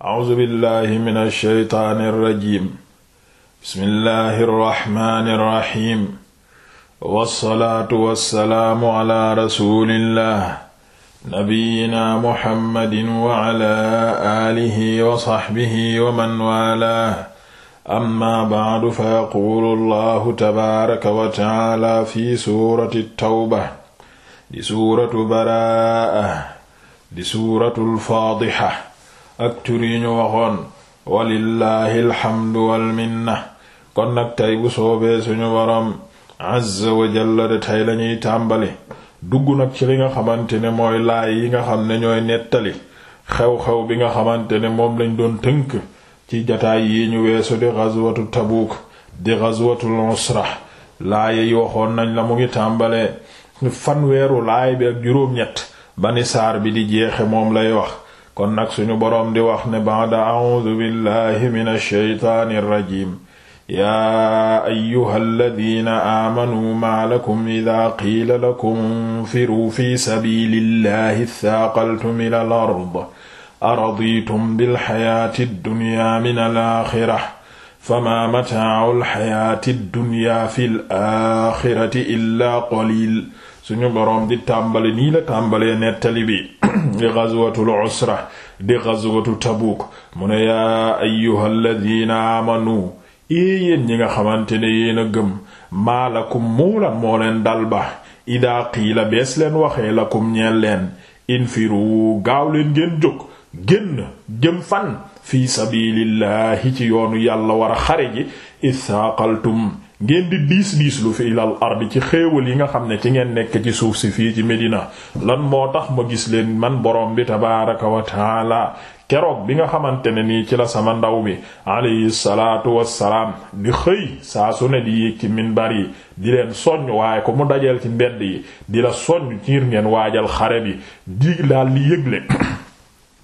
auzu billahi min alsheytaani irrajim bismillahi irraxmaani irraxim wassalaatu wassalaamu ala rasulillah nabiyina muhammadin wa ala alihi wa saxbihi wa man waalaa amma bacdu fa yaquulu allahu tabaaraka wa tacaala fi suurati tawba di suuratu baraa'a di suuratu alfaadixa ak tur yi ñu waxoon walillahi alhamdu walminna kon nag tey bu soobee suñu boroom azza wa jalla de tey lañuy tàmbali dugg nag ci li nga xamante ne mooy laay yi nga xam ne ñooy nettali xew-xew bi nga xamante ne moom lañ doon tënk ci jataay yi ñu weesu di ghazwatu Tabuk di ghazwatul usra laaye yi waxoon nañ la mu ngi tàmbalee fanweeru laay bi ak juróom-ñett bani saar bi di jeexe moom lay wax kon nag suñu boroom di wax ne ba'da a'uudu billahi minash shaytaanir rajiim yaa ayyuhalladhiina aamanuu maa lakum idhaa qiila lakum infiruu fii sabiilillahi ithaaqaltum ilal ard aradiitum bilxayaati ddunyaa minal aaxira famaa mataa'ul xayaati ddunyaa fil aaxirati illaa qaliil suñu boroom di tàmbali nii la tàmbalee nettali bi di ghazwatul usra di ghazwatu Tabuk mu ne yaa ayyuhal amanu ee ñi nga xamante ne yéen a gëm maalakum muulan moo leen dal ba idaa qiila bees leen waxee lakum ñeel leen infiru gaaw leen ngeen jóg génn jëm fan fi sabilillahi ci yoonu yàlla war a xare ngeen di diis diis lu fi ilal ardi ci xéewal yi nga xam ne ci ngeen nekk ci suuf si fii ci Medina lan moo tax ma gis leen man borom bi tabaaraka wa taala keroog bi nga xamante ne nii ci la sama ndaw bi alayhi salaatu wassalaam di xëy saa su ne di yéeg ci minbar yi di leen soññ waaye ko mu dajeel ci mbedd yi di la soññ ci ngeen waajal xare bi di daal li yëgle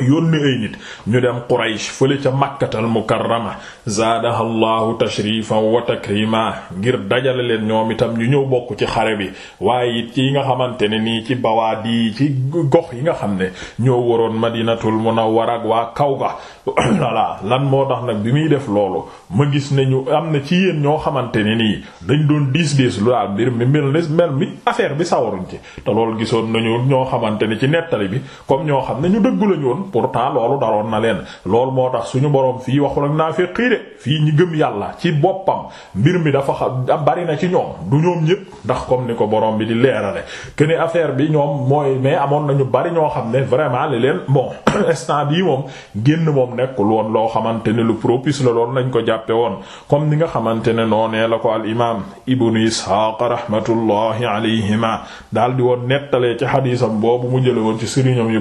yónni ay nit ñu dem Quraysh fële ca Makkatal Mukarrama zaadaha llahu tashrifan wa takrima ngir dajale leen ñoom itam ñu ñëw bokk ci xare bi waaye it yi nga xamante ne nii ci bawaadi ci gox yi nga xam ne ñoo waroon Madinatul Munawwara ak waa kaw ga voilà lan moo tax nag bi muy def loolu ma gis ne ñu am na ci yéen ñoo xamante ni nii dañ doon diis diis lu daal mbir mi mel ni mel mi affaire bi sawaruñ ci te loolu gisoon nañu ñoo xamante ne ci nettali bi comme ñoo xam ne ñu dëggu pourtant loolu daroon na leen loolu moo tax suñu borom fii waxul ak naafiqi de fii ñi gëm yàlla ci boppam mbir mi dafa xam bari na ci ñoom du ñoom ñépp ndax comme ni ko boroom bi di leerale que ni affaire bi ñoom mooy mais amoon nañu bari ñoo xam ne vraiment li leen bon instant bii moom génn moom nekkul woon loo xamante ne lu propice la loolu lañ ko jàppe woon comme ni nga xamante ne noonee la ko al imaam ibnu ishaaq rahmatullahi alayhima daal di woon nettalee ci xadiisam boobu mu jële woon ci sëriñam yu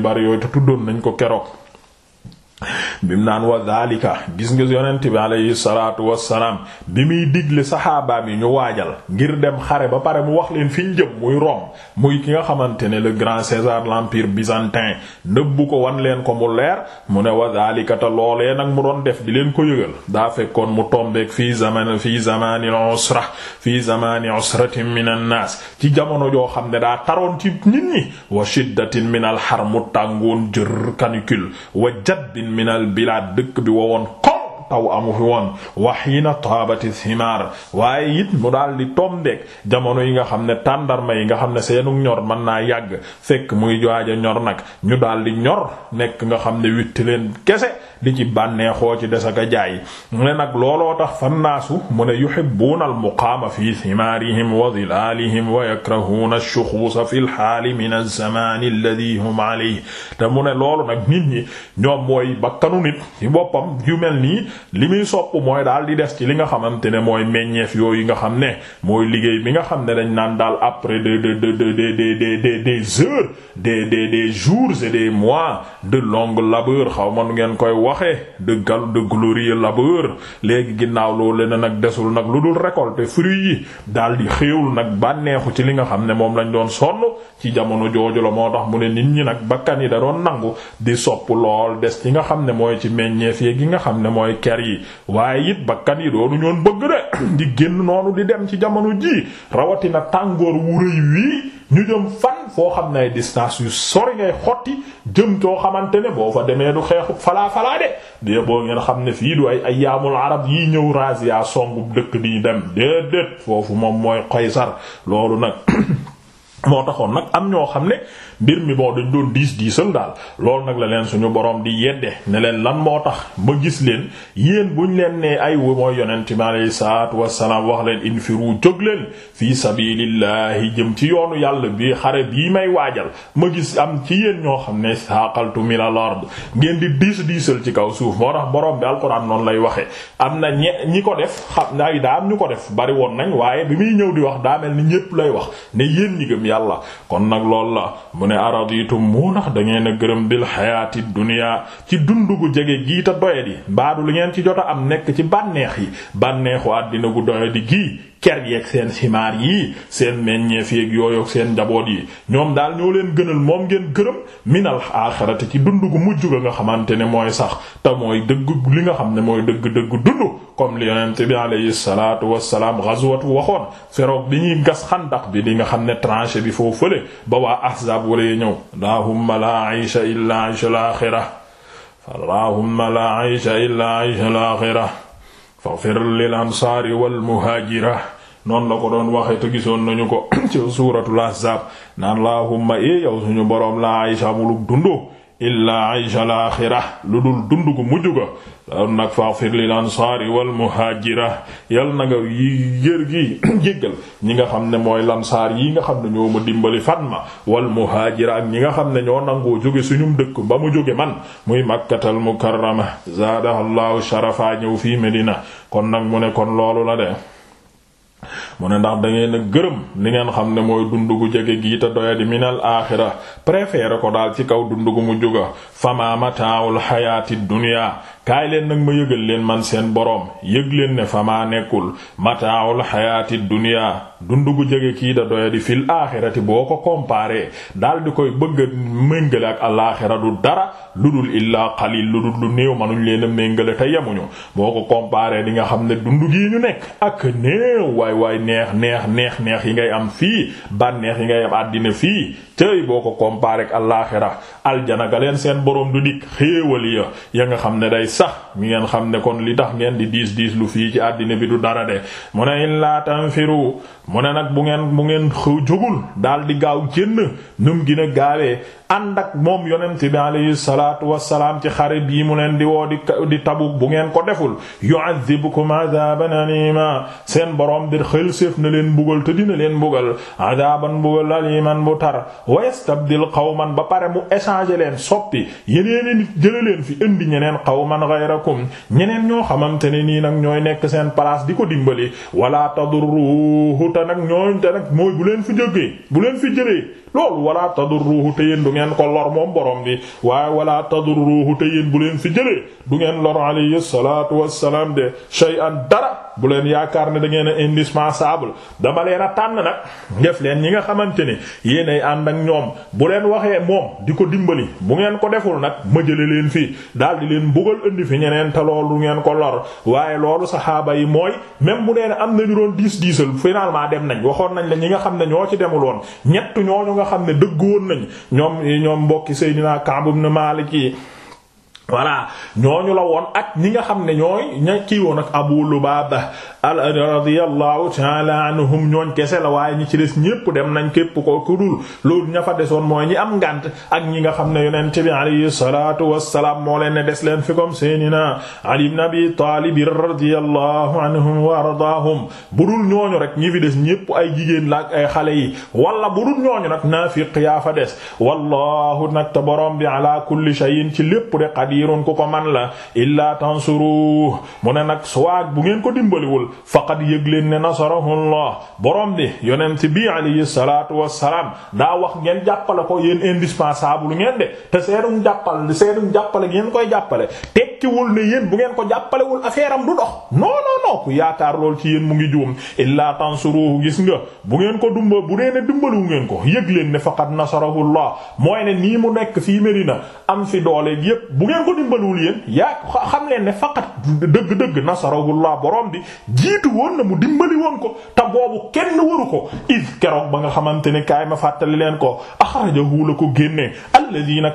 keroog bi mu naan wa daalika gis nga yonent bi alayhi salaatu wassalaam bi muy digle saxaabaam yi ñu waajal ngir dem xare ba pare mu wax leen fi ñu jëm muy Rome muy ki nga xamante ne le grand César l'empire byzantin nëbbu ko wan leen ko mu leer mu ne wa daalika te loolee nag mu doon def di leen ko yëgal daa fekkoon mu tombeek fii zaman fii zamani usra fii zamani usratin min an naas ci jamono joo xam ne daa taroon ci nit ñi wa shiddatin min al har mu tàngoon jër min al bilaad dëkk bi wowoon taw amu fi woon waxiina taabati simaar waaye it mu daal di tombeek jamono yi nga xam ne tàndarma yi nga xam ne seenu ñor mën naa yàgg fekk muy jaaja ñor nag ñu daal di ñor nekk nga xam ne witti leen kese di ci bànneexoo ci des aka jaay mu ne nag looloo tax fa fannaasu mu ne yu yuhibbuuna almuqaama fi simaarihim wa zilaalihim wa yakrahuuna ash-shuxuusa fi al-haali min az-zamaan alladhi hum alayhi te mu ne loolu nag nit ñi ñoom mooy bakkanu nit ci boppam yu mel nii li muy sopp mooy daal di des ci li nga xamante ne mooy meññeef yooyu nga xam ne mooy liggéey bi nga xam ne dañ naan daal après de de de de de de des heures des des des jours et mois de longue labeur xaw ma nu ngeen koy waxee de gal de glorieux labeur léegi ginnaaw loolu leneen nag desul nag lu dul récolter fruits yi daal di xéewul nag bànneexu ci li nga xam ne moom lañ doon sonn ci jamono jooju la moo tax mu ne nit ñi nag bakkan yi da doon nangu di sopp lool des ci nga xam ne mooy ci meññeef yi nga xam ne mooy ker yi waaye it bakkan yi doonu ñoon bëgg de di génn noonu di dem ci jamono ji rawatina tàngoor wu rëy wii ñu jëm fan foo xam ne ay distance yu sori ngay xotti jëm too xamante ne boo fa demee du xeexu falaa falaa de dee ngeen xam ne fii du ay ayyaamul arab yi ñëw razzia songu dëkk di dem déedéet foofu moom mooy Qaysar loolu nag moo taxoon nag am ñoo xam ne mbir mi boo dañ doon diis diisal daal lool nag la leen suñu boroom di yedde ne leen lan moo tax ma gis leen yéen buñ leen ne ay mooy yonent mi alayhi salaatu wassalaam wax leen infiru jóg leen fii sabilillahi jëm ci yoonu yàlla bi xare bi may waajal ma gis am ci yéen ñoo xam ne saqaltu min al-ard ngeen di diis diisal ci kaw suuf moo tax borom bi alxuraan noonu lay waxee am na ñe ñi ko def xam ay daa am ñu ko def bari woon nañ waaye yàlla kon nag lool la mu ne araditum yitu ndax da ngeen a gërëm bil xayaati dunya ci dund gu jege gii ta doye di mbaadu li ngeen ci jot a am nekk ci bànneex yi bànneexu àddina gu doye di gii ker yeeg seen simaar yi seen meññeef yeeg yooyoog seen njaboot yi ñoom daal ñoo leen gënal moom ngeen gërëm minal aaxirati ci dund gu mujj ga nga xamante ne mooy sax te mooy dëgg li nga xam ne mooy dëgg-dëgg dund comme li yonent bi alayhi salaatu wassalaam ghazwatu waxoon feroog bi ñuy gas xandax bi li nga xam ne tranché bi foo fële ba waa ahzab waree ñëw allahumma la aisha illa aisha al-akhirah allahumma la aisha illa aisha al-akhirah faghfir lil noonu la ko doon waxe te gisoon nañu ko ci suuratul ahzaab naan laahumma e yow suñu boroom la aysa muluk dundu illaa aysa laaxira lu dul dundu gu mujj ga loolu nag faghfir lil ansaari wal muhaajira yal na nga yi yër gi jéggal ñi nga xam ne mooy lansaar yi nga xam ne ñoo ma dimbali fatma ma wal muhaajira ak ñi nga xam ne ñoo nangoo jóge suñum dëkk ba mu jóge man muy makkatal mukarrama zaadahallahu sharafa ñëw fii medina kon nag mu ne kon loolu la de mu ne ndax da ngeen a gërëm li ngeen xam ne mooy dund gu jege gii te doya di minal aaxira préféré ko daal ci kaw dund gu mu juga fama mataawul xayaati dunya kaay leen nag ma yëgal leen man seen boroom yëg leen ne fa maa nekkul mataawul xayaati dunya dund gu jege kii da doya di fil aaxirati boo ko comparé daal di koy bëgg a méngale ak alaaxira du dara lu dul illaa xalil lu dul lu néew manuñ leen a méngale te yemuñu boo ko comparé di nga xam ne dund gii ñu nekk ak néew waay waay neex neex neex neex yi ngay am fii bànneex yi ngay am àddina fii tey boo ko comparé ak alaaxira aljana ga leen seen boroom du dikk sax mi ngeen xam ne kon li tax ngeen di diis diis lu fii ci àddina bi du dara de mu ne illaa tanfiru mu ne nag bu ngeen bu ngeen jógul daal di gaaw génn num gën a gaawee ànd ak moom yonent bi alayhi salaatu wassalaam ci xare bii mu leen di woo di di Tabuk bu ngeen ko deful yu'adhibukum adhaban alima seen borom di xel séef na leen mbugal te dina leen mbugal adhaban mbugal aliman bu tar wa yastabdil qawman ba pare mu échanger leen soppi yeneen nit jële ghayrakum ñeneen ñoo xamante ne nii nag ñooy nekk seen place di ko dimbali wala tadruhu te nag ñooy te nag mooy bu leen fi jógee bu leen fi jëlee loolu wala tadurruhu te yéen du ngeen ko lor moom borom bi waaye wala tadurruhu te yéen bu leen fi jëlee du ngeen lor alayhi salaatu wassalaam de shay'an dara bu leen yaakaar ne da ngeen a indispensable dama leen a tànn nag def leen ñi nga xamante ne yéen ay ànd ak ñoom bu leen waxee moom di ko dimbali bu ngeen ko deful nag ma jële leen fii daal di leen mbugal indi fi ñeneen te loolu du ngeen ko lor waaye loolu saxaaba yi mooy même bu dee am nañu doon diis diisal finalement dem nañ waxoon nañ la ñi nga xam ne ñoo ci demul woon xam ne dëggoon nañ ñoom ñoom mbokki Seydina Ka'b ibn Malik yi voilà ñooñu la woon ak ñi nga xam ne ñooy ña kii woon ak Abu Lubaba al radiyallahu ta'ala anhum ñooñ kese la waaye ñi ci des ñépp dem nañ képp ko ku dul loolu ña fa desoon mooy ñi am ngànt ak ñi nga xam ne yonent bi alayhi salatu wassalaam moo leen ne des leen fi comme seydina Ali ibn Abi Talib radiyallahu anhum wa ardaahum bu dul ñooñu rek ñi fi des ñépp ay jigéen la xale yi wala bu dul ñooñu nag naafiq yaa fa des wallahu nag te bi ala kulli shay'in ci lépp de qadirun ku ko man la illaa tansuru mu ne nag suwaag bu ngeen ko dimbaliwul faqad yëg leen ne nasarahullah borom bi yonent bi alayhi salaatu wassalaam daa wax ngeen jàppale ko yéen indispensable ngeen de te seedum jàppal seedum jàppale ngeen koy jàppale tekkiwul ne yéen bu ngeen ko jàppalewul affaire am du dox non non non ku yaakaar lool ci yéen mu ngi juum illaa tansuruhu gis nga bu ngeen ko dumba bu dee ne dimbalu ngeen ko yëg leen ne faqad nasarahullah mooy ne nii mu nekk fii Medina am fi doole yépp bu ngeen ko dimbaluwul yéen yaa xam leen ne faqat dëgg-dëgg nasarahullah boroom bi jiitu woon na mu dimbali woon ko te boobu kenn waru ko id keroog ba nga xamante ne kaay ma fàttali leen ko a la ko génnee alladina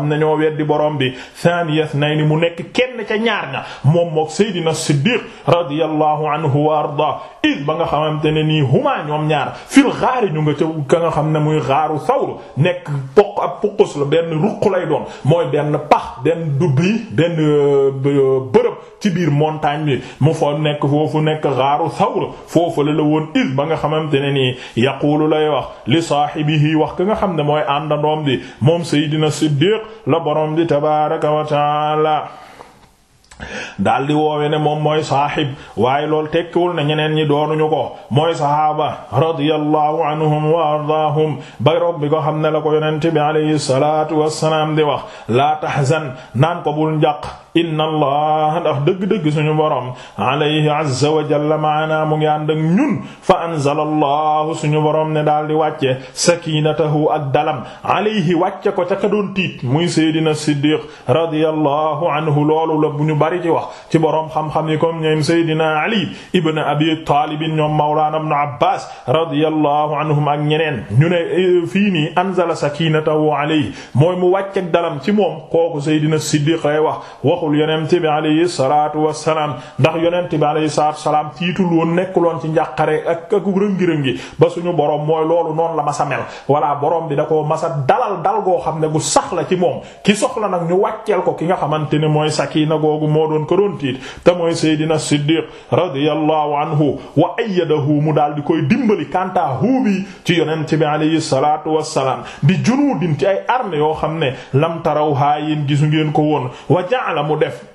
xam ne ñoo weddi borom bi thaniyas mu nekk kenn ca ñaar ña moom mook Seydina Siddiq radiyallahu anhu wa arda id ba nga xamante ne nii huma ñoom ñaar fil gaari ñu nga ca ka nga xam ne muy gaaru sawru nekk poq ab puqus benn ruq lay doon mooy benn pax benn dubbi benn euh, bërëb ci biir montagne bi mu fa nekk foofu nekk gaaru sawru foofu la la woon id ba nga xamante ne nii yaqulu lay wax li saahibihi wax ka nga xam mooy àndandoom moom Seydina Siddiq la borom di tabaaraka wa taala daal woowe ne moom mooy saaxib waaye loolu tekkiwul ne ñeneen ñi doonuñu ko mooy sahaaba radiyallahu anhum wa ardaahum ba rob bi ko xam ne la ko yonent bi alayhi salaatu wassalaam di wax laa tahzan naan ko bul njàq inna allah ndax dëgg-dëgg suñu borom alayhi azza wa jalla maana mu ngi ànd ak fa anzala allahu suñu borom ne daal di wàcce sakinatahu ak dalam alayhi wàcce ko ca ka doon tiit muy seydina siddiq radiyallahu anhu loolu la bu ñu bari ci wax ci borom xam-xam yi comme ñoom seydina ali ibn abi taalib ñoom mawlana ibn abbas radiyallahu anhum ak ñeneen ñu ne eh, fii nii anzala sakinatahu alayhi mooy mu wàcce ak ci moom wax waxul yonent bi alayhi salaatu wassalaam ndax yonent bi alayhi salaatu wassalaam tiitul woon nekkul woon ci njàqare ak ak rëngi-rëngi ba su ñu boroom mooy loolu noon la masa mel walla boroom bi da ko masa dalal dal goo xam ne gu sax la ci moom ki soxla nag ñu wàcceel ko ki nga xamante ne mooy sakina googu moo doon ko doon tiit te mooy Seydina Siddiq radiyallahu anhu wa ayyadahu mu daal di koy dimbali kanta huubi ci yonent bi alayhi salaatu wassalaam bi junuudin ci ay armée yoo xam ne lam tarawhaa gisu ngeen ko woon mu def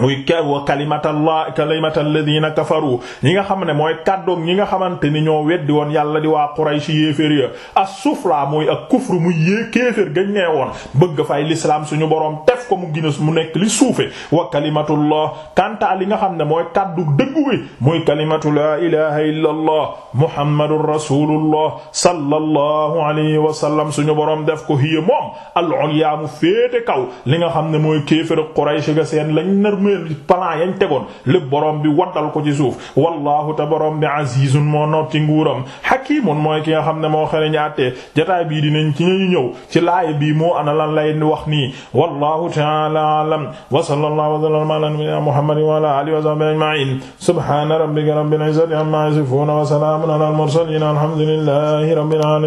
muy ka wa kalimatallah kalimatal ladina kafaru ñi nga ne mooy kàddoom ñi nga xamante ni ñoo weddi woon yàlla di waa Quraysh yéefér ya as sufla mooy ak kufru mu yée kéefér gañ nee woon bëgg fay l'islam suñu borom def ko mu ginas mu nekk li suufe wa kalimatullah kanta li nga xam ne mooy kàddu dëggu wi muy kalimatu la ilaha illa allah muhammadur rasulullah sallallahu alayhi wa sallam suñu borom def ko hiya moom al ulya mu féete kaw li nga xam ne mooy kéefér Quraysh ga seen lañ nar premier plan yañ tegoon lépp borom bi waddal ko ci suuf wallahu te borom bi azizun moo noot ci nguuram hakimun mooy ki nga xam ne moo xëy na ñaatee jotaay bii dinañ ci ñu ñëw ci laay bii moo ana lan lay wax nii wallahu ta'ala a'lam wa sallallahu wa sallama ala nabiyyina muhammadin wa ala alihi wa sahbihi ajma'in subhana rabbika rabbil izzati amma yasifun wa salamun ala al mursalin alhamdulillahi rabbil alamin